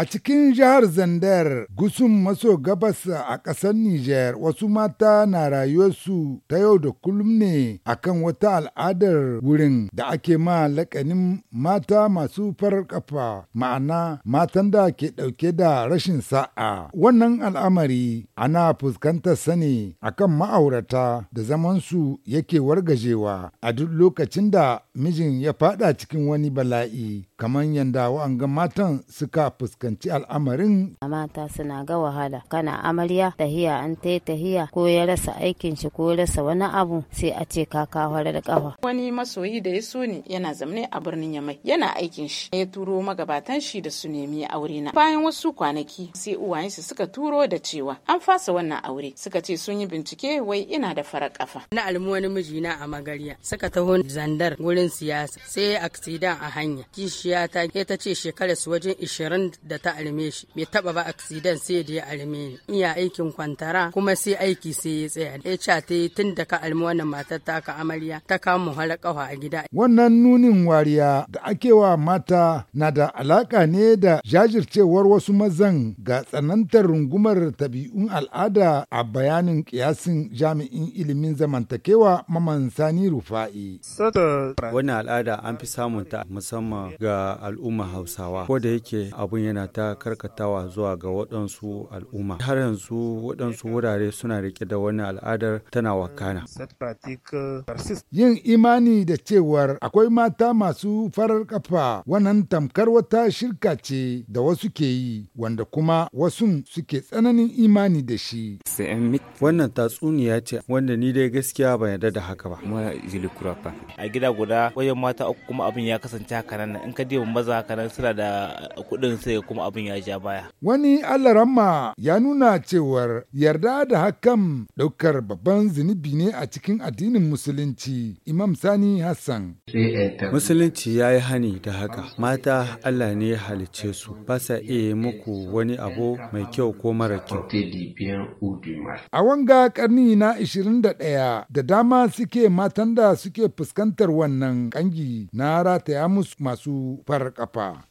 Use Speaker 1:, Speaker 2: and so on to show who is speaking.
Speaker 1: A cikin jihar Zandar, gusun maso gabas a ƙasar Nijar, wasu mata na rayuwarsu ta yau da kullum ne a kan wata al'adar wurin da ake ma laƙanin mata masu farar ƙafa, ma'ana matan da ke ɗauke da rashin sa'a. Wannan al'amari ana fuskantar sani a kan ma'aurata da zaman su yake wargajewa a duk lokacin da mijin ya faɗa cikin wani bala'i. kamar yadda ga matan suka fuskanci al'amarin.
Speaker 2: Mata suna ga wahala kana amarya tahiya an ta tahiya ko ya rasa aikin shi ko rasa wani abu sai a ce ka kaka da kafa.
Speaker 1: Wani masoyi da ya
Speaker 2: so ni yana zamne a birnin Yamai yana aikin shi ya turo magabatan shi da su nemi aure na. Bayan wasu kwanaki sai uwayensu suka turo da cewa an fasa wannan aure suka ce sun yi bincike wai ina da farar kafa. Na almu wani mijina a magarya suka taho zandar wurin siyasa sai aksidan a hanya kishi makwabciyata ta ce shekarar su wajen 20 da ta alme shi bai taba ba aksidan sai da ya alme ni iya aikin kwantara kuma sai aiki sai ya tsaya ya ca ta yi tun da ka almi wannan matar ta ka amarya ta kama har kawa a gida
Speaker 1: wannan nunin wariya da ake wa mata na da alaka ne da jajircewar wasu mazan ga tsanantar rungumar tabi'un al'ada a bayanin kiyasin jami'in ilimin zamantakewa maman sani rufa'i
Speaker 3: wannan al'ada an fi samunta musamman ga al'umma hausawa ko da yake abun yana ta karkatawa zuwa ga waɗansu al'umma har yanzu waɗansu wurare suna rike da wani al'adar tana wakana
Speaker 1: yin imani da cewar akwai mata masu farar kafa wannan tamkar wata shirka ce da wasu ke yi wanda kuma wasu suke tsananin imani da shi wannan tatsuniya ce wanda ni dai gaskiya ban yarda da haka ba a gida guda
Speaker 3: wajen mata uku kuma abin ya kasance haka nan in ka rediyon maza kanan suna da kuɗin sai kuma abin ya ja baya.
Speaker 1: Wani Ramma ya nuna cewar yarda da hakan ɗaukar babban zunubi ne a cikin addinin musulunci Imam Sani Hassan.
Speaker 3: Musulunci ya yi hani da haka mata Allah ne ya halice su basa sa iya muku wani abu mai kyau ko mara kyau.
Speaker 1: A wanga karni na 21 da dama suke matan da suke fuskantar wannan kangi na rataya musu masu para, pá,